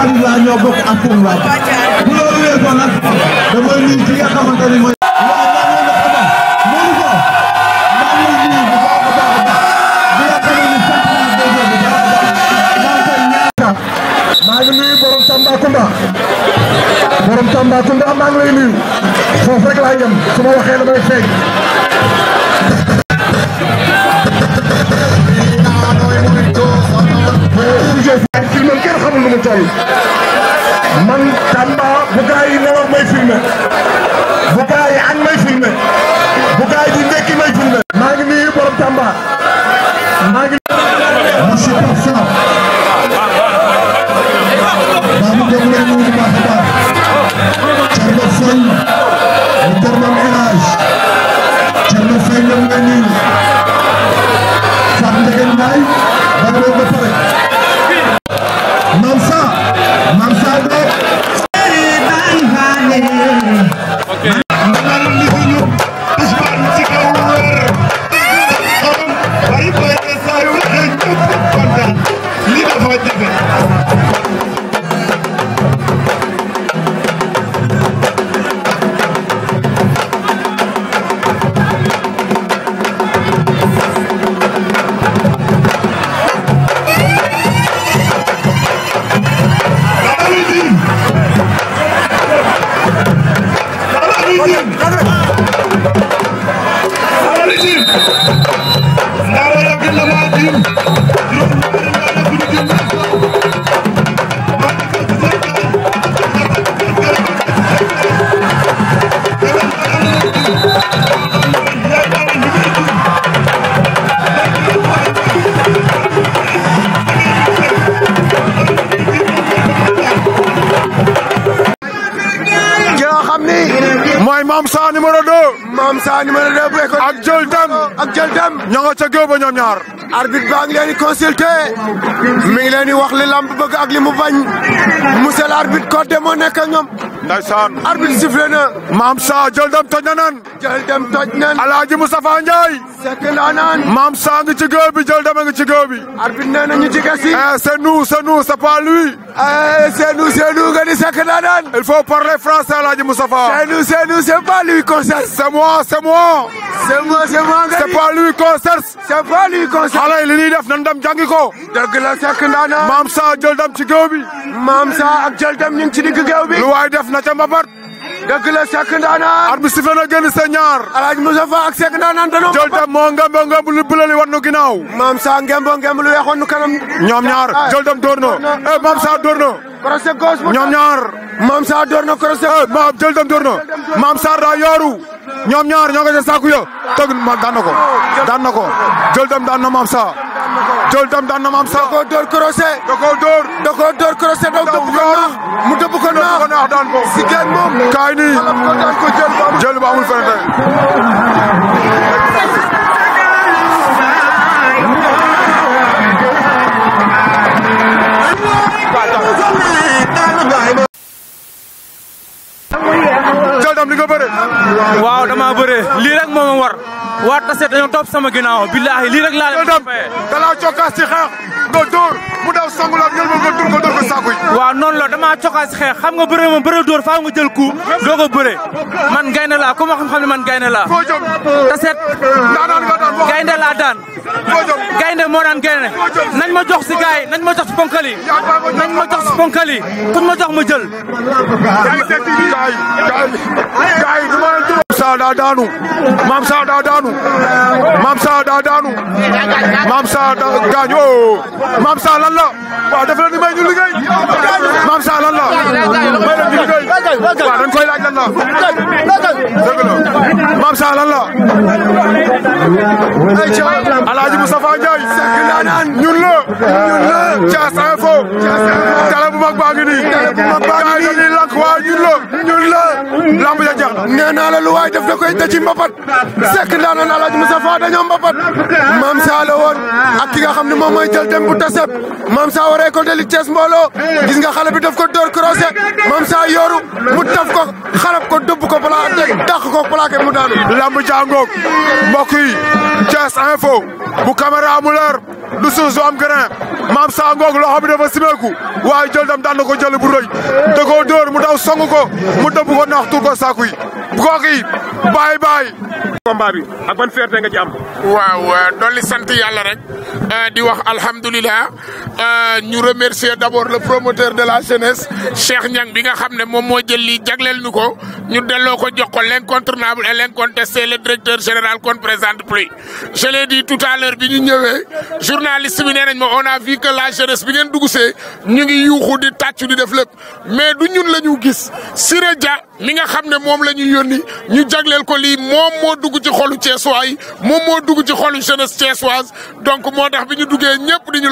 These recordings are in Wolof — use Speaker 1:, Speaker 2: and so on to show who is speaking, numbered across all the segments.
Speaker 1: alhamdulilah ñoo bokk ak Koungheul waat bu loolu weesoo nag dama nuyu ci nga xamante ni mooy. maa ngi nuyu borom Tambacounda borom Tambacounda maa ngi lay nuyu foofu rek laa yem su ma waxee damay feeñ. Thiès nag filmam kenn xamul lu mu toll man Tamba bu gaa yi nelaw may filmer Moussa numéro a bu école. ak Jël Deme ak Jël Deme. ñoo nga ca géew ba ñoom ñaar. arbitre baa ngi leen di wax li lamb bëgg ak li mu bañ monsieur l'arbitre ko moo nekk ak ñoom. ndaysaan arbitre sifflé na maam sa jël dem toj na nan jël dem toj nan alaaji Moustapha Ndiaye sekk naa naan maam sa ngi ci géew bi jël dem ngi ci géew bi arbitre nee na ñu ci gasi eh c'est nous c'est nous c'est pas lui eh c'est nous c'est nous nga ni sekk naa naan il faut parler français alaaji Moustapha c'est nous c'est nous c'est pas lui moi c'est moi c'est moi c'est moi nga ni c'est li ñuy def nan dem ko dëgg la sekk naa naan maam sa jël dem ci géew bi maam sa ak jël dem ñu ngi bi na ca mbapat dëgg la Cheikh Ndanane arbitre sifflé na génn sa ñaar Alaaji Moussa Fa ak Cheikh Ndanane danoo jël tam moo ngembo ngemb lu bëlali wan nu ginnaaw maam sa ngembo ngemb lu kanam ñoom ñaar jël tam dóor na eh, sa dóor na crochet gauche ñoom ñaar maam sa dóor na crochet eh maam sa daa yooru ñoom ñaar ko oh, daan ko jël tam daan na sa Ndiol Dame daan na Mame Sakho door crochet. da door da koo door mu dëpp ko naax daan ko si géej moom. kaay nii jël bu amul feneen waaw dama bëre lii rek moom war waa Tassette dañoo topp sama ginnaaw billaahi lii rek laa leen doon fayee. da laa xeex nga dóor mu daw sangu la nga dóor nga dóor ko saako yi. waaw noonu la damaa cokkaas xeex xam nga bëre moom bëre dóor faaw nga jël coup doo ko bëre man gaynde laa ku xam-xam ne man gaynde la foo jëm Tassette. daanaan gaynde laa daan. gaynde moo daan gaynde. nañ ma jox si gars yi nañ ma jox si ponkal nañ ma jox si ponkal yi ma jox ma jël. Sa daa daanu Mame Sa daa daanu Mame Sa daa daanu Mame oh. la waaw def ni may ñu liggéey Mame Sa lan la may leen ñu liggéey waaw dañ koy laaj lan la dëgg la Mame Sa lan la Alaaji Moustapha ñun la Thiès Info télé bu mag baa ngi nii lamb ja jeex na nee naa la lu waay def da koy da ci mbapat sekk ndaanan alaaj Moussa Fa dañoo mbapat maam saa woon ak ki nga xam ne moom mooy jël dem bu taseb maam saa waree ko deli Cees mbooloo gis nga xale bi daf ko dóor croisé maam saa yooru mu taf ko xalab ko dëbb ko balaa teg dàq ko plaqué mu daanu lamb jàngoog mbokk yi Cees info bu caméra mu leer du suuf su am grain maam saa ngoog loxo bi dafa simeeku waaye jël dam daan ko jël bu rëy da koo mu daw song ko mu dëbb ko nax tur ko saaku yi kooku yi combat bi ak ban fierté nga ci
Speaker 2: am. waaw dolli euh, di wax alhamdulilah euh, ñu remercier le promoteur de la jeunesse Cheikh Niang bi nga xam ne moom moo jël lii jagleel ñu ko ñu delloo ko jox ko l' incontournable et l' incontesté le directeur général qu'on ne présente plus. je l'ai dit tout à l'heure bi ñu ñëwee journaliste bi mais du ñun la gis Siré mi nga xam ne moom la ñu yónni ñu jagleel ko lii moo dugg ci xolu Thiessois yi moom moo dugg ci xolu jeunesse thiessoise donc moo tax bi ñu duggee ñëpp di ñu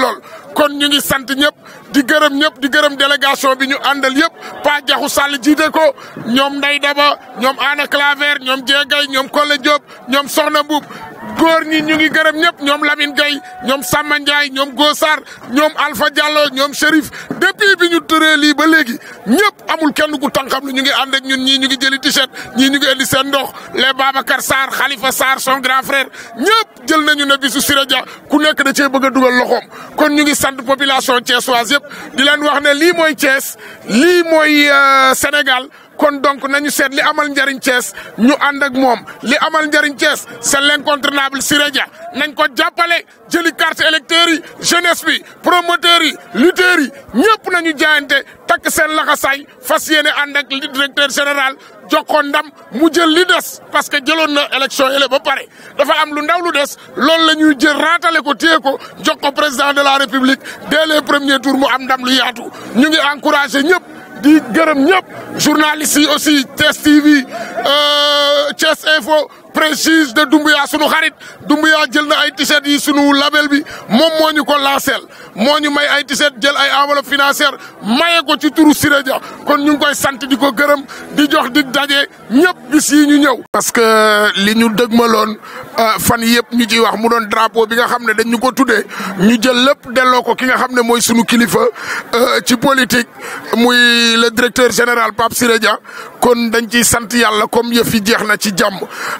Speaker 2: kon ñu ngi sant ñëpp di gërëm ñëpp di gërëm délégation bi ñu àndal yëpp Pa Jaxu Sall jiite ko ñoom Ndey Daba ñoom ana Claver ñoom Jeegay ñoom Kole Diop ñoom Soxna mbub góor ñi ñu ngi gërëm ñëpp ñoom Lamine gay ñoom Samba ñoom Gosar ñoom Alpha Diallo ñoom depi depuis bi ñu tëree ba léegi ñëpp amul kenn ku tànqam lu ñu ngi ànd ak ñun ñii ñu ngi jëli t-shirt ñii ñu ngi indi seen ndox les Babacar Sarr Khalifa Sarr son grand frère ñëpp jël na nañu ne bisu Siré Dia ku nekk da cee bëgg a dugal loxoom kon ñu ngi sant population thiessoise yëpp di leen wax ne lii mooy Thiès lii mooy euh, Sénégal kon donc nañu seet li amal njëriñ Thiès ñu ànd ak moom li amal njëriñ Thiès c'est l'incontournable Siré Dia nañ ko jàppale jëli carte électeurs yi jeunesse bi promoteurs yi lutteurs yi ñëpp nañu jaayante takk seen laxasaay fas yéene ànd ak li directeur général jox ko ndam mu jël li des parce que jëloon na élection yële ba pare dafa am lu ndaw lu des loolu la ñuy jël raatale ko téye ko jox ko président de la république dès premier tour mu am ndam lu yaatu ñu ngi encouragé ñëpp. di ñëpp journalistes aussi Test TV Chess euh, Info précise de Doumbouya sunu xarit Doumbouya jël na ay t-shirt yi sunu label bi moom moo ñu ko lancel moo ñu may ay t-shirt jël ay enveloppe financière maye ko ci turu sirédia kon ñu ngi koy sant di ko gërëm di jox di daje ñëpp bis yi ñu ñëw. parce que li ñu dëgmaloon euh, fan yëpp ñu ci wax mu doon drapeau bi nga xam ne dañ ñu ko tuddee ñu jël lépp delloo ko ki nga xam ne sunu kilifa euh, ci politique muy le directeur général Pape sirédia kon dañ ci sant yàlla comme yëf yi jeex na ci jàmm.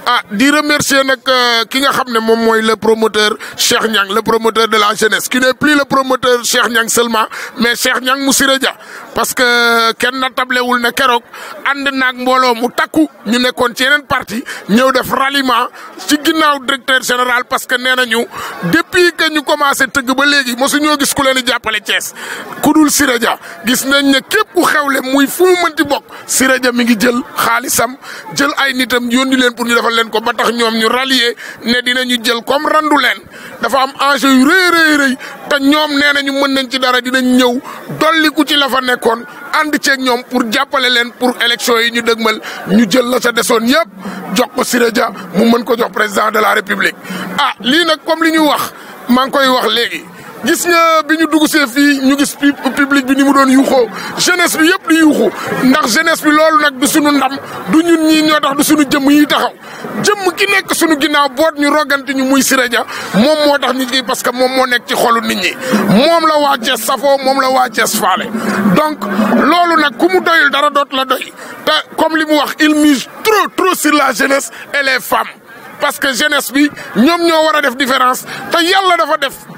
Speaker 2: Ah, Ah, di remercier nag euh, ki nga xam ne moom mooy le promoteur Cheikh Niang le promoteur de la jeunesse ki n'est plus le promoteur Cheikh Niang seulement mais Cheikh Niang Moussiré Dia parce que kenn na tablewul ne keroog ànd naag mbooloo mu takku ñu nekkoon ci yeneen parti ñëw def ralliement ci ginnaaw directeur général parce que nee nañu depuis que ñu commencé tëgg ba léegi mosu ñoo gis ku leen di jàppale Thiès ku dul Siré gis nañ ne képp ku xewle muy fu mu mënti bokk Siré Dia mi ngi jël xaalisam jël ay nitam yónni leen pour ñu defal leen ko ba tax ñoom ñu rallier ne dinañu jël comme randu leen dafa am enjeu yu rëy rëy ñoom nee nañu mën nañ ci dara dinañ ñëw dolliku ci la fa nekkoon ànd ceeg ñoom pour jàppale leen pour élection yi ñu dëgmal ñu jël la sa desoon yëpp jox ko Siré Dia mu mën ko jox président de la république. ah lii nag comme li ñu wax maa ngi koy wax léegi. gis nga bi ñu dugg see fii ñu gis public bi ni mu doon yuuxoo jeunesse bi yëpp di yuuxu ndax jeunesse bi loolu nag du sunu ndam du ñun ñii ñoo tax du suñu jëmm yi taxaw jëmm ki nekk suñu ginnaaw boot ñu roganti ñu muy Siré Dia moom moo tax nit ñi parce que moom moo nekk ci xolu nit ñi moom la waa Thiès safoo moom la waa Thiès faale donc loolu nag ku mu doyul dara dootu la doy te comme li mu wax il mise trop trop sur la jeunesse et les parce que jeunesse bi ñoom ñoo war a def différence te yàlla dafa def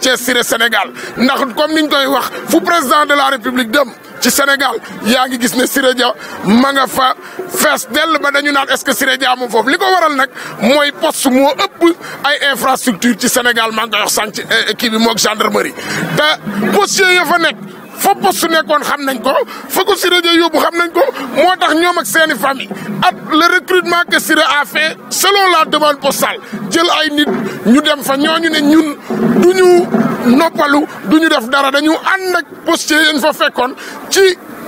Speaker 2: Thiès Siré Sénégal ndax comme niñ vous wax président de la république de ci Sénégal yaa ngi gis ne Siré Dia ma nga fa est-ce que Siré Dia moom foofu li waral nak moy poste mo ëpp ay infrastructure ci Sénégal maa qui wax sànq équipe eh, bi gendarmerie ta poste ya fa nek fa poste nekkoon xam nañ ko fa ko Siré Dia yóbbu xam nañ ko moo tax ñoom ak seeni famille ak le recrutement que Siré a fait selon la demande postale jël ay nit ñu dem fa ñooñu ne ñun duñu noppalu duñu def dara dañu ànd ak postier yañ fa fekkoon ci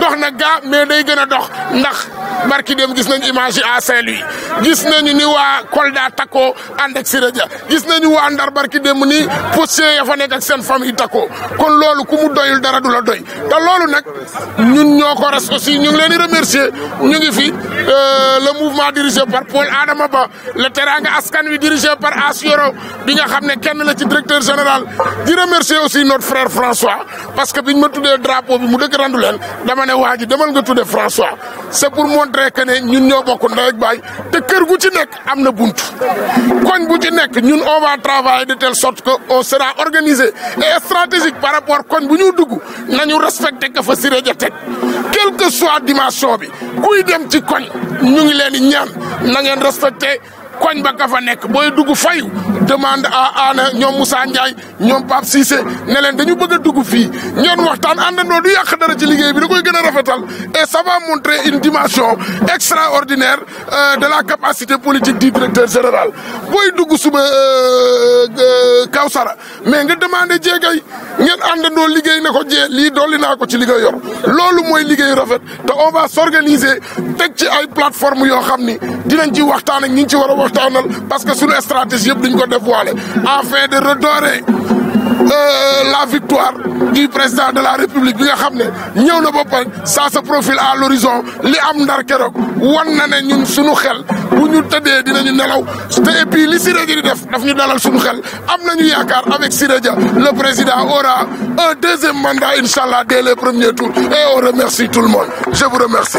Speaker 2: dox na gaa mais day gën a dox ndax barki dem gis nañ image yi à Saint-Louis gis nañ ni wa Kolda tako and ak Siré Dia gis nañu wa Ndar barki dem ni poussière ya fa nek ak sen famille tako kon lolu ku mu doyul dara dula doy da lolu nak ñun ñoko ras aussi ñu ngi leni remercier ñu ngi fi euh, le mouvement dirigé par Paul Adama Ba le teranga askan wi dirigé par Asioro bi nga xam kenn la ci directeur général di remercier aussi notre frère François parce que biñ ma tuddé drapeau bi mu deug randu leen dama ne waji demal nga tuddé François c'est pour montrer que nous ñun ñoo bokk ndey ak baay nous kër gu ci travailler de telle sorte qu'on sera organisé et stratégique par rapport koñ bu ñu nous nañu respectons ka que nous avons fait. quelle que soit dimension nous kuy dem ci koñ ñu koñ ba ka fa nekk booy dugg fayu demande à Ana ñoom Moussa Ndiaye ñoom Pape Cissé ne leen dañu bëgg a dugg fii ñoon waxtaan àndandoo du yàq dara ci liggéey bi da koy gën a rafetal et ça va montrer une dimension extraordinaire euh, de la capacité politique du directeur général booy dugg suba. Euh, euh, Kawsara mais nga demandé jéegay ngeen àndandoo liggéey ne ko jee lii dolli naa ko ci li nga loolu mooy liggéey rafet te on va s'organiser teg ci ay plateforme yoo xam ni dinañ ci waxtaan ak ñi ñu ci war a waxtaanal parce que suñu stratégie yëpp duñ ko def waale afin de redorer Euh, la victoire du président de la république bi nga xam ne na ça se profile à l'horizon li am ndar keroog wan na ne ñun suñu xel bu en train dinañu nelaw te et puis li Siré def daf dalal suñu xel am nañu avec Siré le président aura un deuxième mandat Inshallah dès le premier tour et on remercie tout le monde je vous remercie